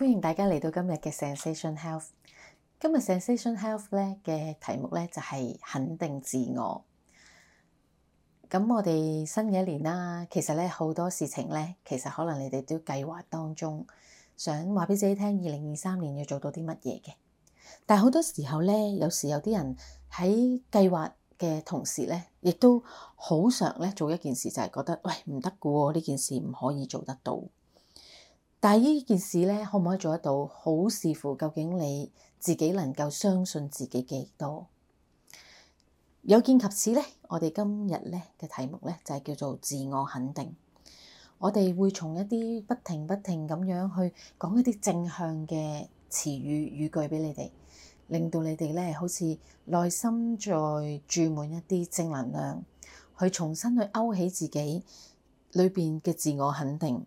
歡迎大家嚟到今日嘅 Sensation Health。今日 Sensation Health 咧嘅題目咧就係肯定自我。咁我哋新嘅一年啦，其實咧好多事情咧，其實可能你哋都計劃當中，想話俾自己聽，二零二三年要做到啲乜嘢嘅。但係好多時候咧，有時有啲人喺計劃嘅同時咧，亦都好常咧做一件事，就係覺得喂唔得噶喎，呢件事唔可以做得到。但係呢件事咧，可唔可以做得到，好視乎究竟你自己能夠相信自己幾多。有見及此咧，我哋今日咧嘅題目咧就係叫做自我肯定。我哋會從一啲不停不停咁樣去講一啲正向嘅詞語語句俾你哋，令到你哋咧好似內心再注滿一啲正能量，去重新去勾起自己裏邊嘅自我肯定。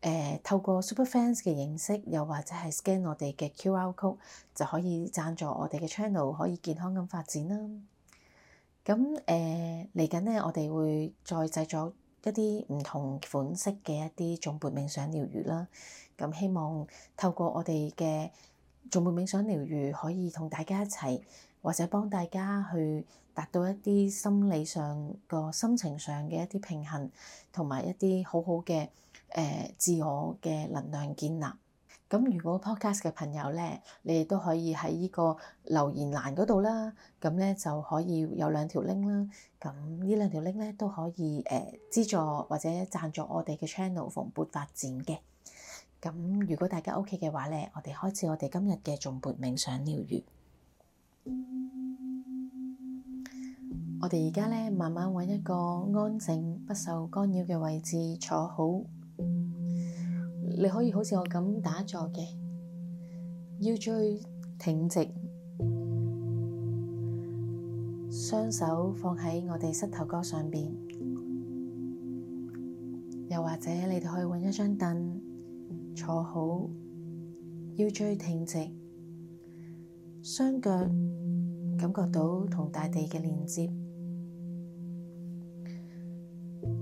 誒透過 Superfans 嘅認識，又或者係 scan 我哋嘅 QR code 就可以贊助我哋嘅 channel，可以健康咁發展啦。咁誒嚟緊呢，我哋會再製作一啲唔同款式嘅一啲頌缽冥想療癒啦。咁希望透過我哋嘅頌缽冥想療癒，可以同大家一齊或者幫大家去達到一啲心理上個心情上嘅一啲平衡，同埋一啲好好嘅。自我嘅能量建立。咁如果 podcast 嘅朋友咧，你哋都可以喺呢個留言欄嗰度啦。咁咧就可以有兩條 link 啦。咁呢兩條 link 咧都可以誒資、呃、助或者贊助我哋嘅 channel 蓬勃發展嘅。咁如果大家 OK 嘅話咧，我哋開始我哋今日嘅頌缽冥想療癒。 我哋而家咧慢慢揾一個安靜不受干擾嘅位置坐好。你可以好似我咁打坐嘅，腰椎挺直，雙手放喺我哋膝頭哥上邊，又或者你哋可以揾一張凳坐好，腰椎挺直，雙腳感覺到同大地嘅連接。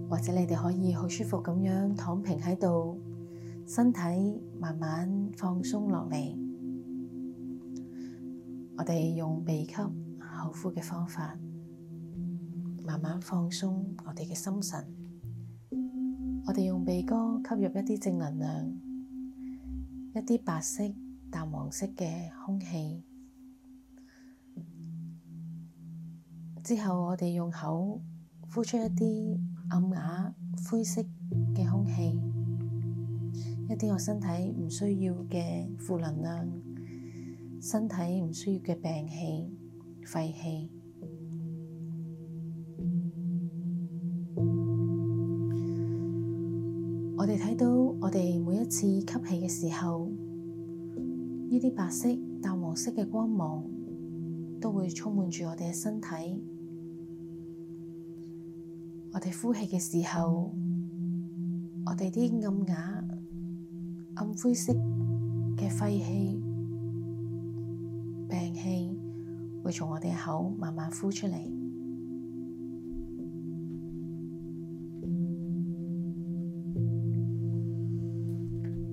或者你哋可以好舒服咁樣躺平喺度，身體慢慢放鬆落嚟。我哋用鼻吸口呼嘅方法，慢慢放鬆我哋嘅心神。我哋用鼻哥吸入一啲正能量，一啲白色淡黃色嘅空氣。之後我哋用口呼出一啲。暗啞灰色嘅空氣，一啲我身體唔需要嘅負能量，身體唔需要嘅病氣、廢氣。 我哋睇到我哋每一次吸氣嘅時候，呢啲白色、淡黃色嘅光芒，都會充滿住我哋嘅身體。我哋呼氣嘅時候，我哋啲暗啞、暗灰色嘅廢氣、病氣，會從我哋口慢慢呼出嚟。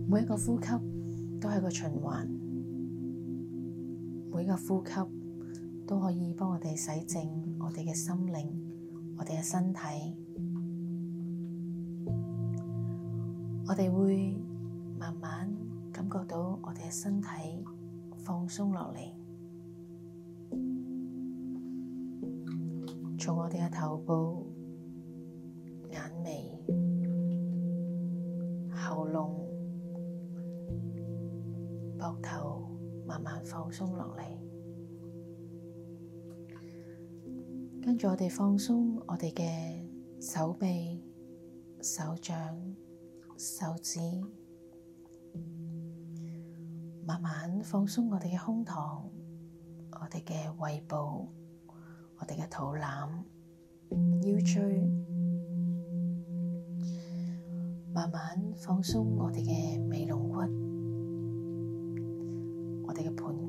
每一個呼吸都係個循環，每一個呼吸都可以幫我哋洗淨我哋嘅心靈。我哋嘅身體，我哋會慢慢感覺到我哋嘅身體放鬆落嚟，從我哋嘅頭部、眼眉、喉嚨、膊頭慢慢放鬆落嚟。跟住我哋放鬆我哋嘅手臂、手掌、手指，慢慢放鬆我哋嘅胸膛、我哋嘅胃部、我哋嘅肚腩、腰椎，慢慢放鬆我哋嘅尾龍骨、我哋嘅盆。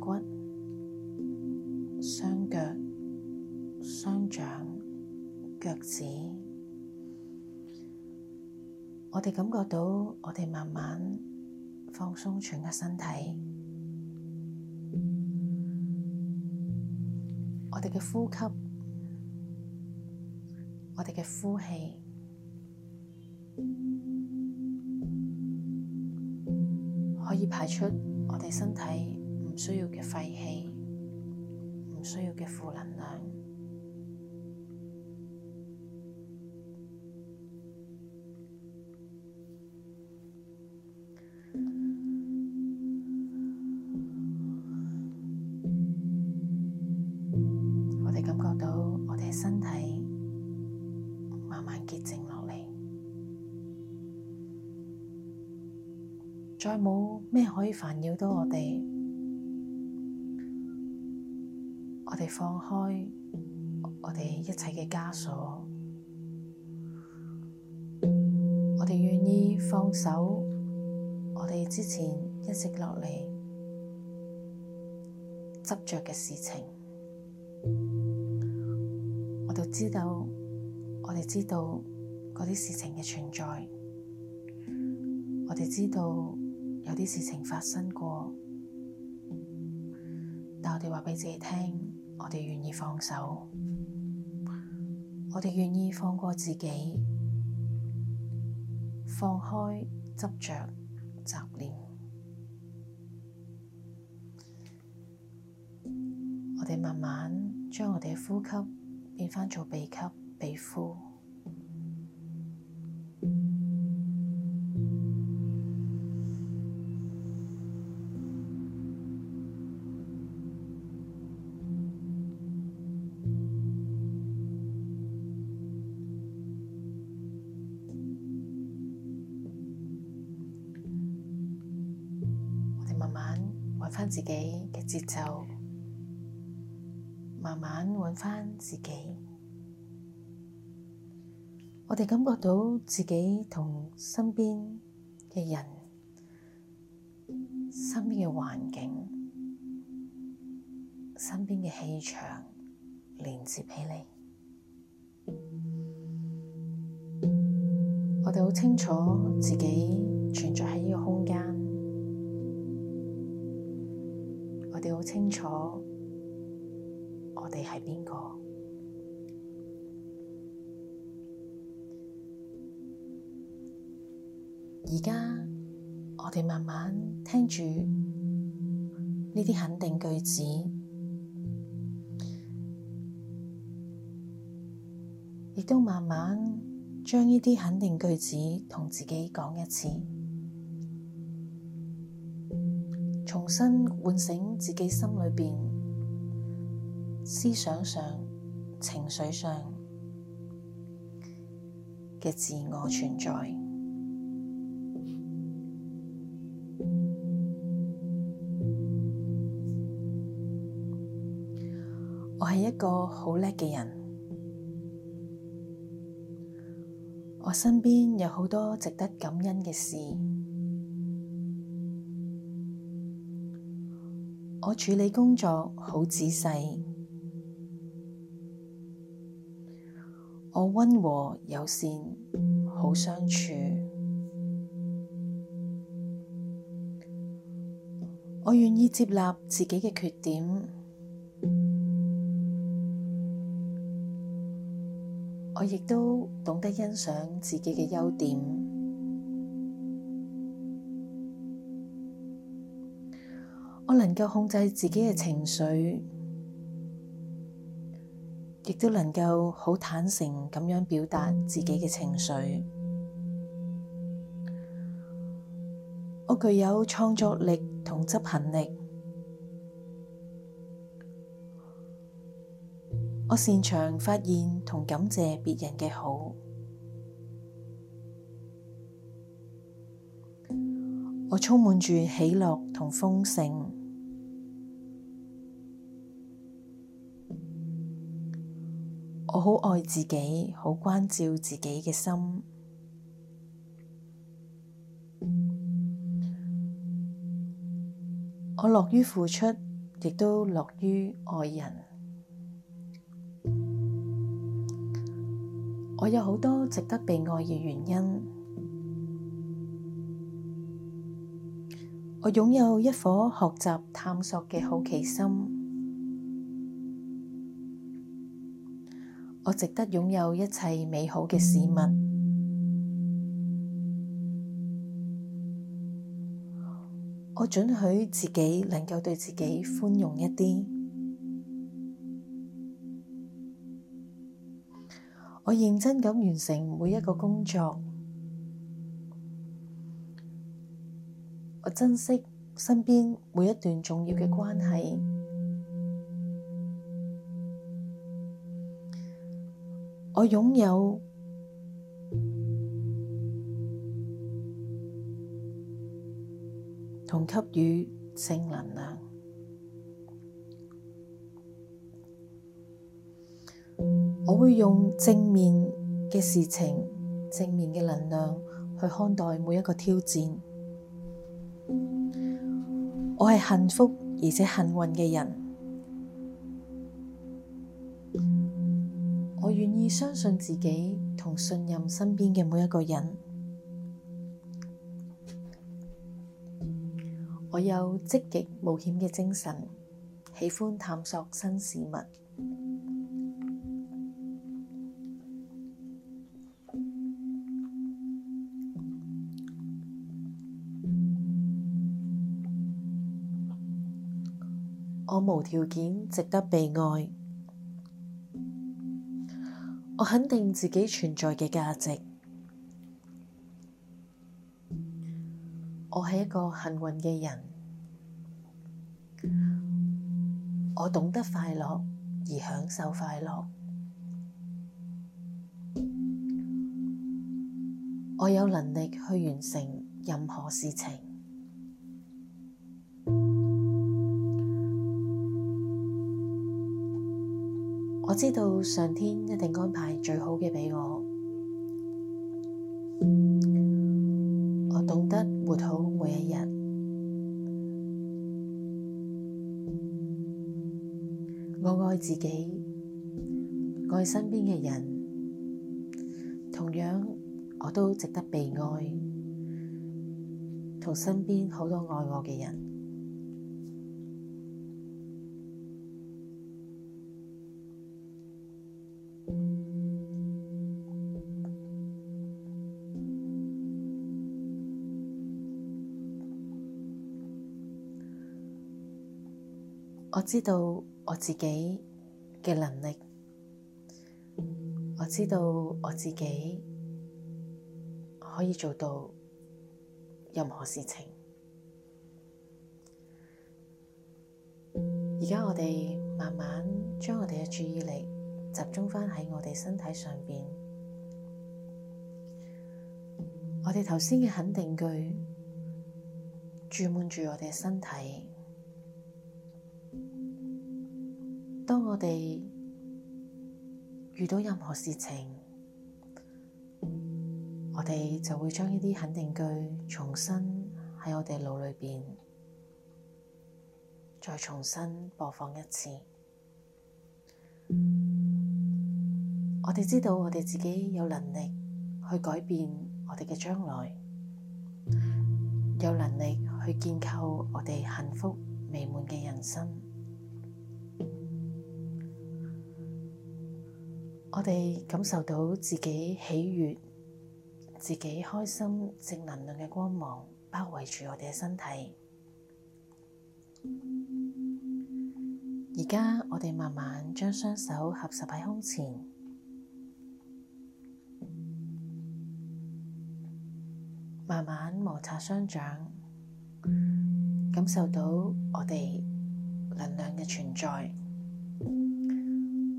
我哋感覺到我哋慢慢放鬆全個身體，我哋嘅呼吸，我哋嘅呼氣，可以排出我哋身體唔需要嘅廢氣，唔需要嘅負能量。再冇咩可以煩擾到我哋，我哋放開我哋一切嘅枷鎖，我哋願意放手，我哋之前一直落嚟執着嘅事情，我哋知道，我哋知道嗰啲事情嘅存在，我哋知道。有啲事情發生過，但我哋話畀自己聽，我哋願意放手，我哋願意放過自己，放開執着、雜念。我哋慢慢將我哋嘅呼吸變翻做鼻吸鼻呼。慢慢揾翻自己，我哋感覺到自己同身邊嘅人、身邊嘅環境、身邊嘅氣場連接起嚟，我哋好清楚自己存在喺呢個空間。你都好清楚我，我哋係邊個？而家我哋慢慢聽住呢啲肯定句子，亦都慢慢將呢啲肯定句子同自己講一次。重新喚醒自己心裏邊、思想上、情緒上嘅自我存在。我係一個好叻嘅人，我身邊有好多值得感恩嘅事。我處理工作好仔細，我温和友善，好相處。我願意接納自己嘅缺點，我亦都懂得欣賞自己嘅優點。我能夠控制自己嘅情緒，亦都能夠好坦誠咁樣表達自己嘅情緒。我具有創作力同執行力。我擅長發現同感謝別人嘅好。我充滿住喜樂同豐盛。我好愛自己，好關照自己嘅心。我樂於付出，亦都樂於愛人。我有好多值得被愛嘅原因。我擁有一顆學習探索嘅好奇心。我值得擁有一切美好嘅事物。我准許自己能夠對自己寬容一啲。我認真咁完成每一個工作。我珍惜身邊每一段重要嘅關係。我擁有同給予正能量。我會用正面嘅事情，正面嘅能量去看待每一個挑戰。我係幸福而且幸運嘅人。要相信自己，同信任身邊嘅每一個人。我有積極冒險嘅精神，喜歡探索新事物。我無條件值得被愛。我肯定自己存在嘅價值。我係一個幸運嘅人。我懂得快樂而享受快樂。我有能力去完成任何事情。我知道上天一定安排最好嘅畀我，我懂得活好每一日，我愛自己，愛身邊嘅人，同樣我都值得被愛，同身邊好多愛我嘅人。我知道我自己嘅能力，我知道我自己可以做到任何事情。而家我哋慢慢將我哋嘅注意力集中返喺我哋身體上邊，我哋頭先嘅肯定句注滿住我哋嘅身體。當我哋遇到任何事情，我哋就會將呢啲肯定句重新喺我哋腦裏邊再重新播放一次。我哋知道我哋自己有能力去改變我哋嘅將來，有能力去建構我哋幸福美滿嘅人生。我哋感受到自己喜悅、自己開心、正能量嘅光芒包圍住我哋嘅身體。而家我哋慢慢將雙手合十喺胸前，慢慢摩擦雙掌，感受到我哋能量嘅存在。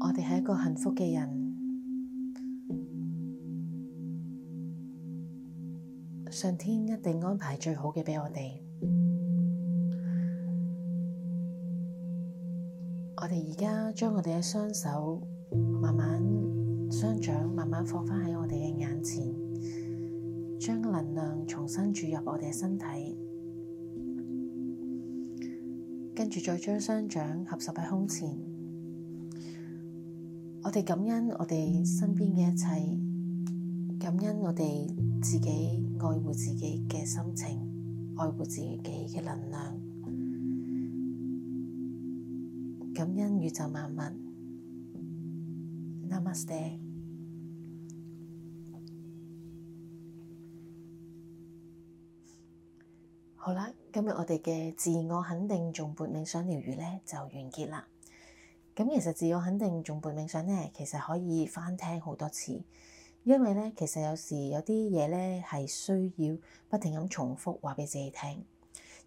我哋係一個幸福嘅人。上天一定安排最好嘅畀我哋。我哋而家將我哋嘅雙手慢慢雙掌慢慢放返喺我哋嘅眼前，將能量重新注入我哋嘅身體，跟住再將雙掌合十喺胸前。我哋感恩我哋身邊嘅一切，感恩我哋自己。愛護自己嘅心情，愛護自己嘅能量，感恩宇宙萬物。Namaste。好啦，今日我哋嘅自我肯定頌缽冥想療癒咧就完結啦。咁其實自我肯定頌缽冥想咧，其實可以翻聽好多次。因為咧，其實有時有啲嘢咧係需要不停咁重複話俾自己聽，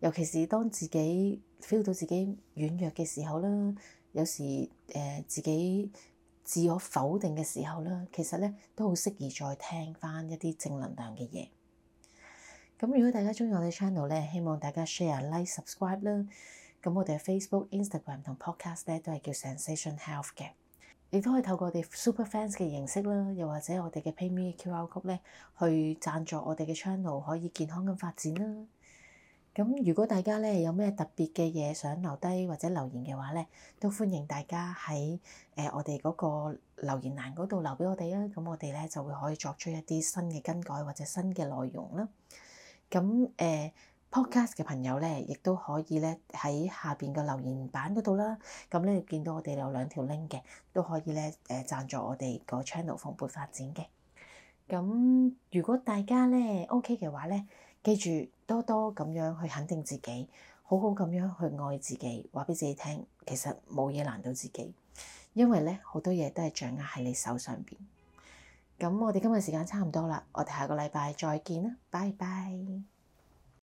尤其是當自己 feel 到自己軟弱嘅時候啦，有時誒自己自我否定嘅時候啦，其實咧都好適宜再聽翻一啲正能量嘅嘢。咁如果大家鍾意我哋 channel 咧，希望大家 share、 like、subscribe 啦。咁我哋 Facebook、Instagram 同 Podcast 咧都係叫 Zensation Health 嘅。亦都可以透過我哋 Superfans 嘅形式啦，又或者我哋嘅 PayMe QR code 咧，去贊助我哋嘅 channel，可以健康咁發展啦。咁如果大家咧有咩特別嘅嘢想留低或者留言嘅話咧，都歡迎大家喺誒、呃、我哋嗰個留言欄嗰度留俾我哋啦。咁我哋咧就會可以作出一啲新嘅更改或者新嘅內容啦。咁誒。呃 Podcast 嘅朋友咧，亦都可以咧喺下邊嘅留言版嗰度啦。咁咧見到我哋有兩條 link 嘅，都可以咧誒贊助我哋個 channel 蓬勃發展嘅。咁如果大家咧 OK 嘅話咧，記住多多咁樣去肯定自己，好好咁樣去愛自己，話俾自己聽，其實冇嘢難到自己，因為咧好多嘢都係掌握喺你手上邊。咁我哋今日時間差唔多啦，我哋下個禮拜再見啦，拜拜。